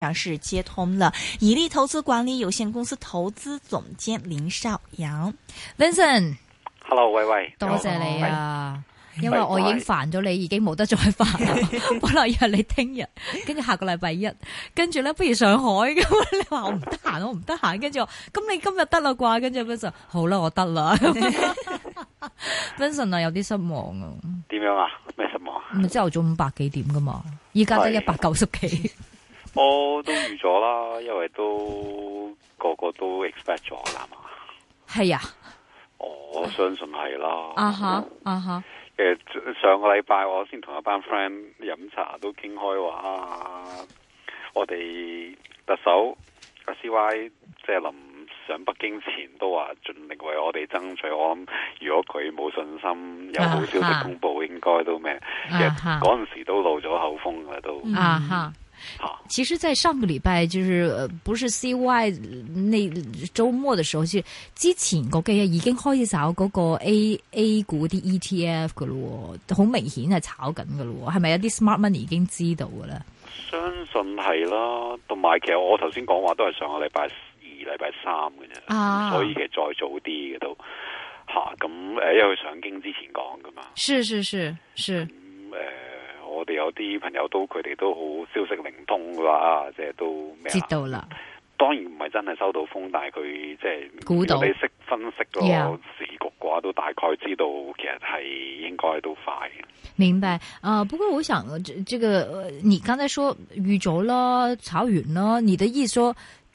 嘗試接通了以利投資管理有限公司投資總監林少陽 Vincent，Hello 喂，喂，多謝你啊，喂因為我已經煩咗你，喂已經冇得再煩啦。本來約你聽日，跟住 下個禮拜一，跟住咧，不如上海咁。你話我唔得閒，我唔得閒，跟住我，咁你今日得啦啩？跟住 Vincent，好啦，我得啦。 Vincent 啊，有啲失望啊。點樣啊？咩失望？唔係朝頭早五百幾點噶嘛？依家得一百九十幾。對 我都預咗啦，因為都個個都 expect 咗啦嘛。係啊，我相信係啦。啊哈啊哈！誒，上個禮拜我先同一班 friend 飲茶都傾開話，我哋特首阿 CY 即係臨上北京前都話盡力為我哋爭取。我諗如果佢冇信心，有好消息公布，uh huh. 應該都咩？啊哈！嗰陣時都露咗口風噶都。啊哈、uh！Huh. 嗯其實，在上個禮拜，就是不是 C Y 那周末的時候，其實之前嗰幾日已經開始炒嗰個 AA 炒嗰個 A A 股啲 E T F 噶咯，好明顯係炒緊噶咯，係咪有啲 smart money 已經知道噶咧？相信係啦，同埋其實我頭先講話都係上個禮拜二、禮拜三嘅啫，啊、所以其實再早啲嘅都吓咁誒，因為上京之前講噶嘛，是是是是誒、嗯。呃我哋有啲朋友都，佢哋都好消息靈通㗎啦，即係都咩知道啦。當然唔係真係收到風，但係佢即係，估到你識分析個時、yeah. 局嘅話，都大概知道，其實係應該都快嘅。明白啊、呃，不過我想，這個，你剛才說預咗啦、炒完啦，你的意思說？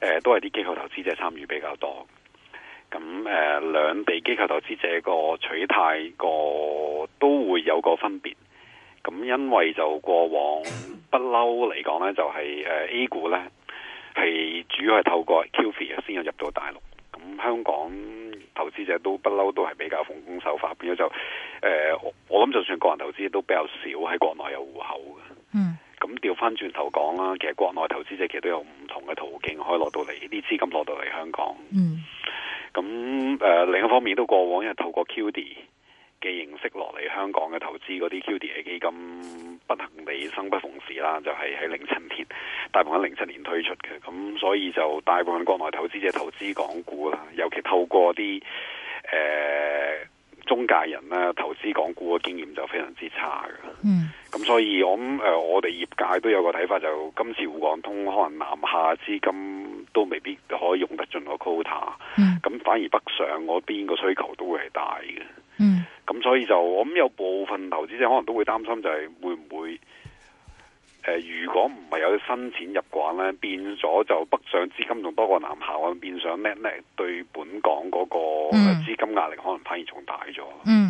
誒、呃，都係啲機構投資者參與比較多，咁誒兩地機構投資者個取態個都會有個分別，咁因為就過往不嬲嚟講呢就係、是、誒、呃、A 股呢係主要係透過 QFII 先入到大陸，咁香港投資者都不嬲都係比較奉公守法，變咗就誒、呃、我我諗就算個人投資都比較少喺國內有戶口。咁調翻轉頭講啦，其實國內投資者其實都有唔同嘅途徑可以落到嚟呢啲資金落到嚟香港。嗯。咁、呃、另一方面都過往，因為透過 QD 嘅形式落嚟香港嘅投資，嗰啲 QD 嘅基金，不幸地生不逢時啦，就係、是、喺零七年大部分喺零七年推出嘅。咁所以就大部分國內投資者投資港股啦，尤其透過啲誒、呃、中介人咧投資港股嘅經驗就非常之差嘅。嗯。咁所以我，呃，我諗誒我哋業界都有個睇法，就今次滬港通可能南下資金都未必可以用得盡個 quota，咁、嗯、反而北上嗰邊個需求都會係大嘅。咁、嗯、所以就我諗有部分投資者可能都會擔心就會會，就係會唔會誒如果唔係有啲新錢入港咧，變咗就北上資金仲多過南下，我可能變相叻叻對本港嗰個資金壓力可能反而仲大咗。嗯嗯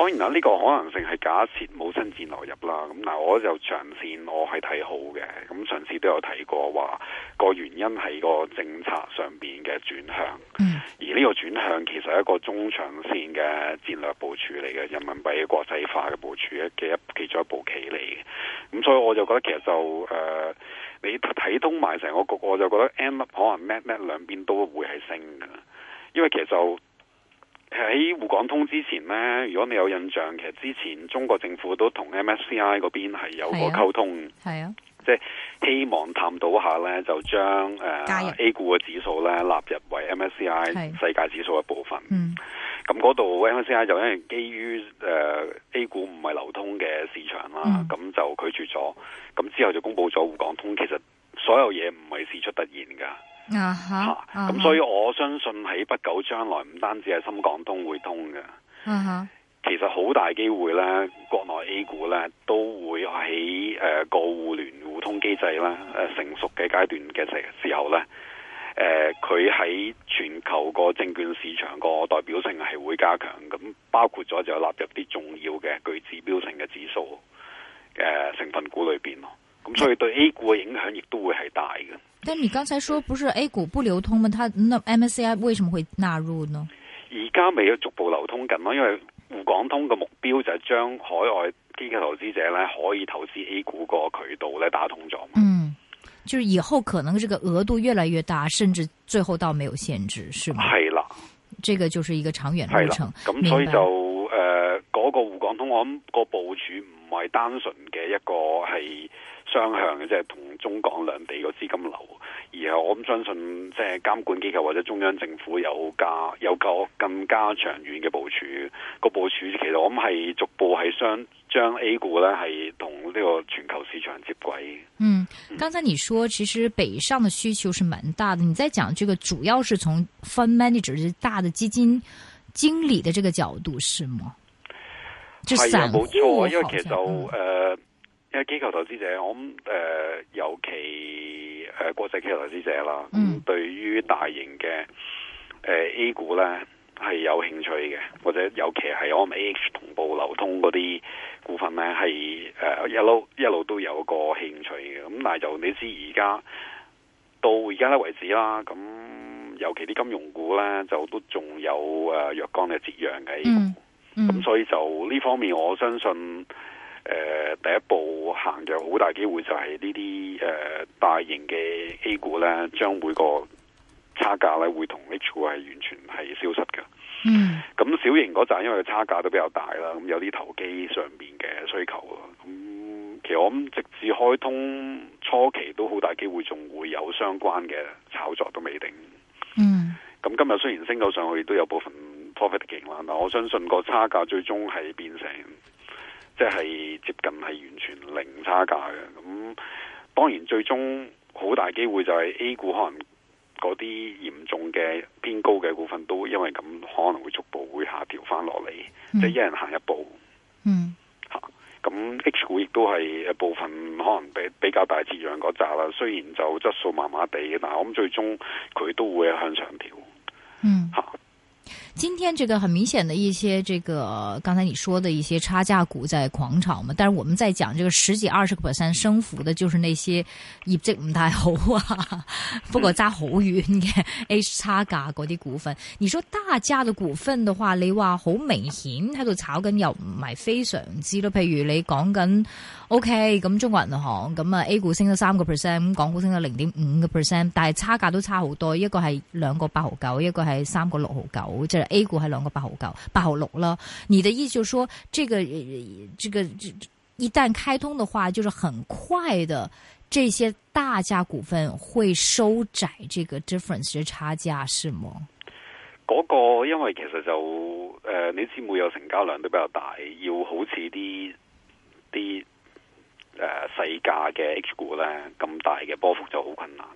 當然啦，呢個可能性係假設冇新錢流入啦。咁嗱，我就長線我係睇好嘅。咁上次都有睇過話，個原因係個政策上邊嘅轉向。而呢個轉向其實係一個中長線嘅戰略部署嚟嘅，人民幣嘅國際化嘅部署嘅一其中一步棋嚟嘅。咁所以我就覺得其實就誒、呃，你睇通埋成個局，我就覺得 M 粒可能 Mac 兩邊都會係升嘅，因為其實就。喺滬港通之前呢，如果你有印象，其實之前中國政府都同 MSCI 嗰邊係有過溝通，係啊，即係、啊、希望探討下呢，就將誒、呃、人 A 股嘅指數呢納入為 MSCI 是世界指數一部分。嗯，咁嗰度 MSCI 就因為基於誒、呃、A 股唔係流通嘅市場啦，咁、嗯、就拒絕咗。咁之後就公布咗滬港通，其實所有嘢唔係事出突然噶。Uh huh, uh huh. 啊咁、嗯、所以我相信喺不久將來唔單止係深港通會通嘅，uh huh. 其實好大機會呢，國內 A 股呢都會喺誒個互聯互通機制、呃、成熟嘅階段嘅時候呢，佢、呃、喺全球個證券市場個代表性係會加強，咁包括咗就納入啲重要嘅具指標性嘅指數成分股裏邊咯，咁、嗯嗯嗯、所以對 A 股嘅影響亦都會係大嘅。但你剛才說不是 A 股不流通嗎？它那 MSCI 為什麼會納入呢？而家未有逐步流通緊咯，因為滬港通嘅目標就係將海外機構投資者咧可以投資 A 股個渠道咧打通咗。嗯，就是以後可能這個額度越來越大，甚至最後到沒有限制，是嗎？係啦了，這個就是一個長遠過程。咁所以就誒嗰、呃那個滬港通我諗個部署唔係單純嘅一個係。是雙向嘅，即係同中港兩地個資金流，而係我咁相信，即係監管機構或者中央政府有加有個更加長遠嘅部署。個部署其實我諗係逐步係將將 A 股呢係同呢個全球市場接軌。嗯，剛、嗯、才你說其實北上嘅需求是蠻大嘅，你在講這個主要是從 fund manager、大的基金經理的這個角度是嗎？係啊，冇錯，因為其實就、嗯呃因為機構投資者，我諗誒、呃，尤其誒、呃、國際機構投資者啦，嗯、對於大型嘅誒、呃、A 股咧係有興趣嘅，或者尤其係我 A H 同步流通嗰啲股份咧係誒一路一路都有一個興趣嘅。咁但係就你知而家到而家咧為止啦，咁尤其啲金融股咧就都仲有誒若干嘅折讓嘅 A 股，咁、嗯嗯、所以就呢方面我相信。誒、呃，第一步行嘅好大機會就係呢啲誒大型嘅 A 股咧，將每個差價咧會同 H 股係完全係消失嘅。嗯，咁小型嗰陣因為差價都比較大啦，咁有啲投機上邊嘅需求咯。咁、嗯、其實我諗直至開通初期都好大機會仲會有相關嘅炒作都未定。嗯，咁今日雖然升到上去都有部分 profit gain 啦，但我相信個差價最終係變成。即係接近係完全零差價嘅，咁當然最終好大機會就係 A 股可能嗰啲嚴重嘅偏高嘅股份都因為咁可能會逐步會下調翻落嚟，嗯、即係一人行一步。嗯，吓咁、啊、H 股亦都係一部分可能比比較大自然嗰扎啦，雖然就質素麻麻地嘅，但係我諗最終佢都會向上調。嗯，好、啊。今天這個很明顯的一些，這個剛才你說的一些差價股在狂炒嘛，但是我們在講這個十幾二十個 percent 升幅的，就是那些業績唔太好啊，不過差好遠嘅 H 差價嗰啲股份。你說大家的股份的話，你話好明顯喺度炒緊，又唔係非常之咯。譬如你講緊。O K，咁中國銀行咁啊，A 股升咗三個 percent，港股升咗零點五個 percent，但係差價都差好多，一個係兩個八毫九，一個係三個六毫九，即係 A 股係兩個八毫九，八毫六啦。你的意思就係說、這個，這個、這個、一旦開通的話，就是很快的，這些大價股份會收窄這個 difference 的差價，是麼？嗰個因為其實就誒、呃，你知冇有成交量都比較大，要好似啲啲。誒，細價嘅 H 股咧，咁大嘅波幅就好困難。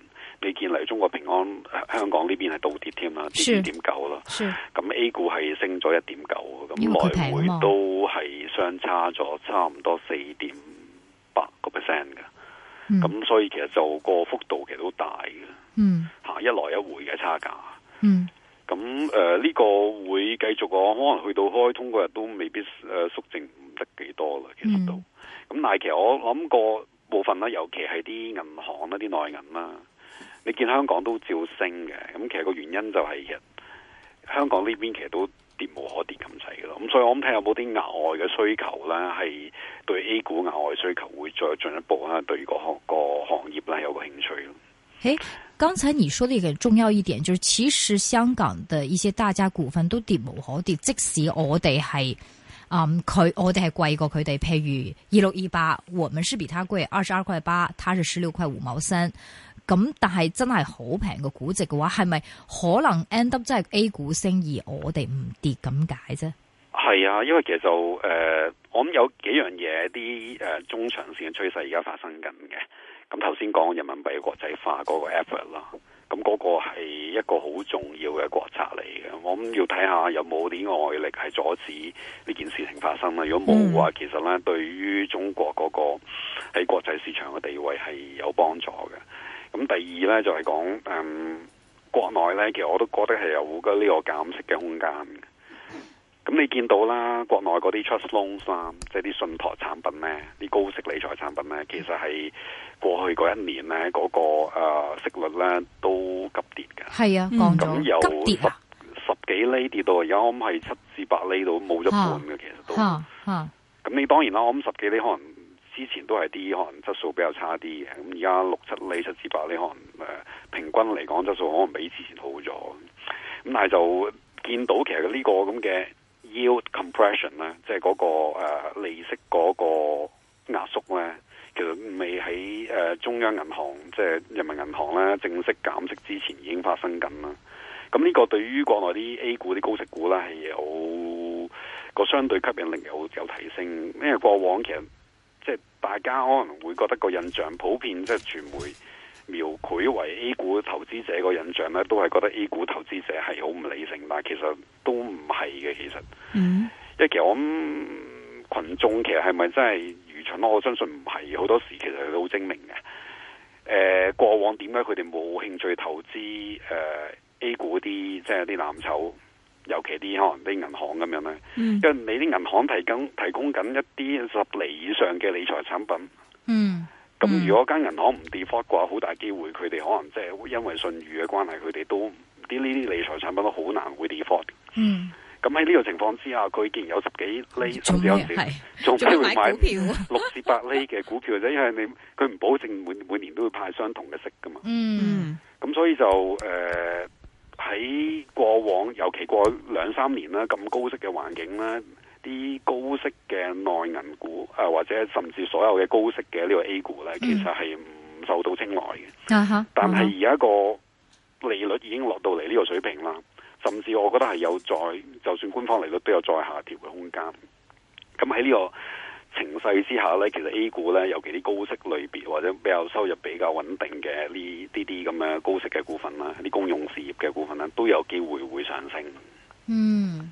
你見嚟中國平安香港呢邊係倒跌添啦，跌二點九咯。咁 A 股係升咗一點九，咁來回都係相差咗差唔多四點八個 percent 嘅。咁、嗯、所以其實就個幅度其實都大嘅。嗯，吓、啊、一來一回嘅差價。嗯。咁誒、呢、呃呢個會繼續講，可能去到開通嗰日都未必誒縮淨唔得幾多啦，其實都。咁、嗯、但係其實我諗過部分啦，尤其係啲銀行啦、啲內銀啦，你見香港都照升嘅。咁其實個原因就係其實香港呢邊其實都跌無可跌咁滯噶咯。咁所以我諗睇下有冇啲額外嘅需求啦，係對 A 股額外的需求會再進一步啦，對、個行、個行業啦有個興趣咯。誒？剛才你說的一個重要一點，就是其實香港的一些大家股份都跌無可跌，即使我哋係，嗯，佢，我哋係貴過佢哋，譬如二六二八，我們是比他貴二十二塊八，他是十六塊五毛三，咁但係真係好平嘅估值嘅話，係咪可能 end up 真係 A 股升而我哋唔跌咁解啫？係啊，因為其實就誒、呃，我諗有幾樣嘢啲誒中長線嘅趨勢而家發生緊嘅。咁頭先講人民幣國際化嗰個 effort 啦，咁、那、嗰個係一個好重要嘅國策嚟嘅。我諗要睇下有冇啲外力係阻止呢件事情發生啊。如果冇嘅話，其實咧對於中國嗰個喺國際市場嘅地位係有幫助嘅。咁第二咧就係講，嗯，國內咧其實我都覺得係有嘅呢個減息嘅空間。咁你見到啦，國內嗰啲 trust loans 啦，即係啲信託產品咧，啲高息理財產品咧，其實係過去嗰一年咧，嗰、嗰個、呃、息率咧都急跌嘅。係啊，降咗，有十、啊、十幾厘跌到，而家我諗係七至八厘度，冇咗一半嘅，其實都。咁、啊啊、你當然啦，我諗十幾厘可能之前都係啲可能質素比較差啲嘅，咁而家六七厘、七至八厘可能誒、呃、平均嚟講質素可能比之前好咗。咁但係就見到其實呢、呢個咁嘅。Yield compression 咧、那個，即係嗰個利息嗰個壓縮咧，其實未喺誒中央銀行，即係人民銀行咧正式減息之前已經發生緊啦。咁呢個對於國內啲 A 股啲高息股咧係有個相對吸引力，有有提升，因為過往其實即係大家可能會覺得個印象普遍即係傳媒。描繪為 A 股投資者個印象咧，都係覺得 A 股投資者係好唔理性，但係其實都唔係嘅。其實，mm hmm. 因為其實我諗群眾其實係咪真係愚蠢咯？我相信唔係，好多時其實佢都好精明嘅。誒、呃，過往點解佢哋冇興趣投資誒、呃、A 股啲即係啲藍籌，尤其啲可能啲銀行咁樣咧？Mm hmm. 因為你啲銀行提供提供緊一啲十厘以上嘅理財產品。嗯、mm。Hmm. 咁、嗯、如果間銀行唔 default 嘅話，好大機會佢哋可能即係會因為信譽嘅關係，佢哋都啲呢啲理財產品都好難會 default。嗯。咁喺呢個情況之下，佢既然有十幾厘，嗯、甚至有時仲邊是會買六至八厘嘅股票啫？票 因為你佢唔保證每每年都會派相同嘅息㗎嘛。嗯。咁、嗯、所以就誒喺、呃、過往，尤其過兩三年啦，咁高息嘅環境咧。啲高息嘅內銀股，啊或者甚至所有嘅高息嘅呢個 A 股呢，嗯、其實係唔受到青睞嘅。啊、哈但係而家個利率已經落到嚟呢個水平啦，啊、哈甚至我覺得係有再，就算官方利率都有再下調嘅空間。咁喺呢個情勢之下呢，其實 A 股呢，尤其啲高息類別或者比較收入比較穩定嘅呢啲啲咁樣高息嘅股份啦，啲公用事業嘅股份啦，都有機會會上升。嗯。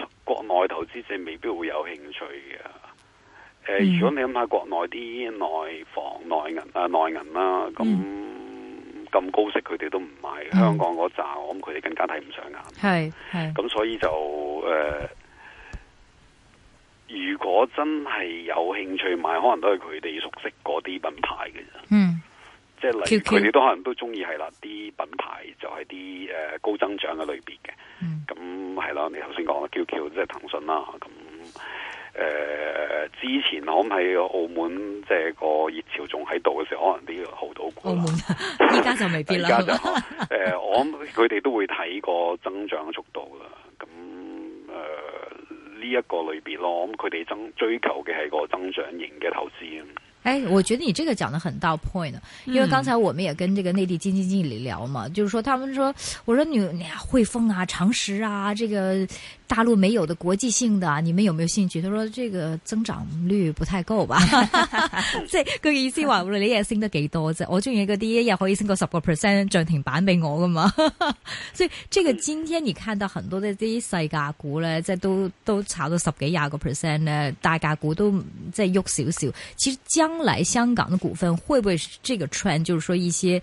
國內投資者未必會有興趣嘅。誒、呃，嗯、如果你諗下國內啲內房、內銀啊、內銀啦，咁咁、嗯、高息佢哋都唔買，嗯、香港嗰扎，咁佢哋更加睇唔上眼。係係，咁所以就誒、呃，如果真係有興趣買，可能都係佢哋熟悉嗰啲品牌嘅啫。嗯。即係佢哋都可能都中意係啦，啲品牌就係啲誒高增長嘅類別嘅。咁係咯，你頭先講啦，Q Q 即係騰訊啦。咁誒、呃，之前我諗喺澳門，即係個熱潮仲喺度嘅時候，可能啲好到股啦。而家就未必啦。誒，我諗佢哋都會睇個增長嘅速度啦。咁誒呢一個類別咯，咁佢哋增追求嘅係個增長型嘅投資。哎，我覺得你這個講得很到 point，因為剛才我們也跟這個內地基金經理聊嘛，嗯、就是說他們說，我說你呀、啊，匯豐啊，長實啊，這個。大陸沒有的國際性的，你們有沒有興趣？他說這個增長率不太夠吧。即係、 這個意思話，唔理你日升得幾多啫。 我中意嗰啲一日可以升個十個 percent 漲停板俾我噶嘛。 所以這個今天你看到很多的啲細價股咧，即係都都炒到十幾廿個 percent 咧，大價股都即係喐少少。其實將來香港嘅股份會不會是這個 trend 就是說一些？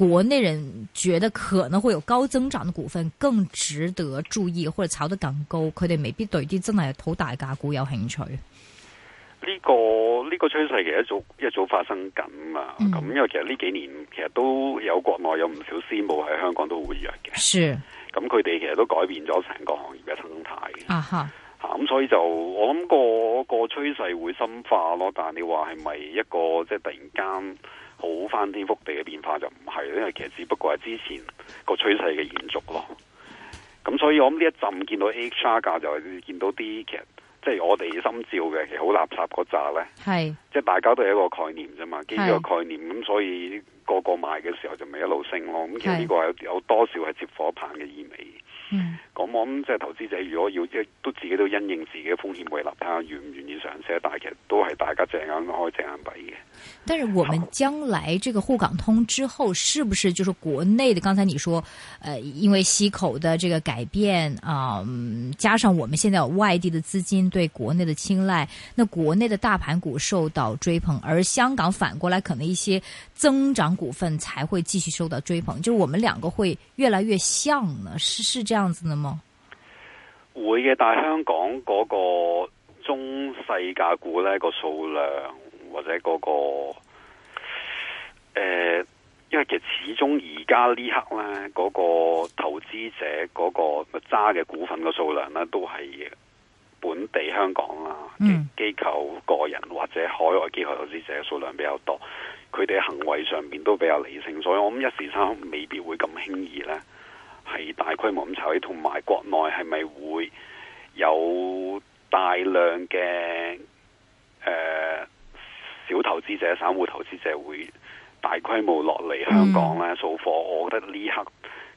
國內人覺得可能會有高增長嘅股份更值得注意，或者炒得更高，佢哋未必對啲真係好大價股有興趣。呢、這個呢、這個趨勢其實早一早發生緊啊，咁、嗯、因為其實呢幾年其實都有國內有唔少私募喺香港都活躍嘅，是咁佢哋其實都改變咗成個行業嘅生態啊咁哈所以就我諗個個趨勢會深化咯，但係你話係咪一個即係突然間？好翻天覆地嘅變化就唔係，因為其實只不過係之前個趨勢嘅延續咯。咁所以我諗呢一陣見到 A H share 價就見到啲，其實即係我哋心照嘅，其實好垃圾嗰紮咧。係是，即係大家都係一個概念啫嘛，基於個概念，咁是所以個個買嘅時候就咪一路升咯。咁其實呢個係有有多少係接火棒嘅意味？嗯，咁我諗即係投資者如果要即係都自己都因應自己嘅風險為立，睇下願唔願意嘗試，但係其實都係大家隻眼開隻眼閉嘅。但是我們將來這個滬港通之後，是不是就是國內的？剛才你說，呃因為西口的這個改變啊，呃，加上我們現在有外地的資金對國內的青睞，那國內的大盤股受到追捧，而香港反過來可能一些增長股份才會繼續受到追捧。就是我們兩個會越來越像呢？是是這樣。樣子呢？嗎會嘅，但係香港嗰個中細價股咧個數量或者嗰個誒，因為其實始終而家呢刻咧嗰個投資者嗰個揸嘅股份嘅數量咧都係本地香港啦，機構、個人或者海外機構投資者嘅數量比較多，佢哋行為上面都比較理性，所以我諗一時三刻未必會咁輕易咧。係大規模咁炒起，同埋國內係咪會有大量嘅誒、呃、小投資者、散戶投資者會大規模落嚟香港咧掃貨？我覺得呢刻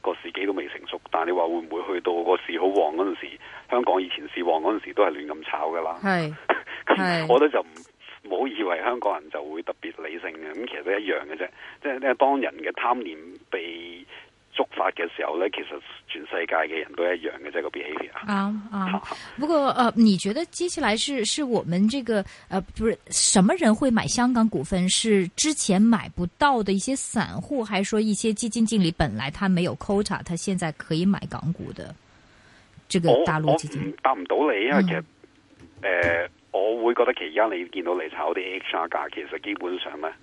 個時機都未成熟，但係你話會唔會去到個市好旺嗰陣時候，香港以前市旺嗰陣時候都係亂咁炒噶啦。係， 我覺得就唔好以為香港人就會特別理性嘅，咁其實都一樣嘅啫。即係咧，當人嘅貪念被觸發嘅時候咧，其實全世界嘅人都是一樣嘅，即、那、係個 behavior 啊！啊啊！不過，誒、呃，你覺得接下來是是我們這個，誒、呃，不是什麼人會買香港股份？是之前買不到的一些散戶，還是說一些基金經理本來他沒有 quota，他現在可以買港股的？這個大陸基金答唔到你，因為其實誒、嗯呃，我會覺得期間你見到你炒啲 HR 價，其實基本上咧，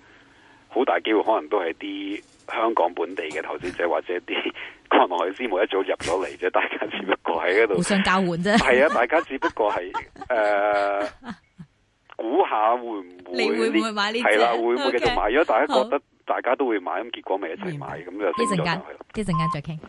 好大機會可能都係啲。香港本地嘅投資者或者啲國內嘅私募一早入咗嚟啫，大家只不過喺嗰度互相交換啫。係啊，大家只不過係誒，估、 呃、下會唔會呢？你會唔會買呢？係啦，會唔會繼續買？咁 Okay. 大家覺得大家都會買，咁結果咪一齊買咁、嗯、就。一陣間，一陣間再傾。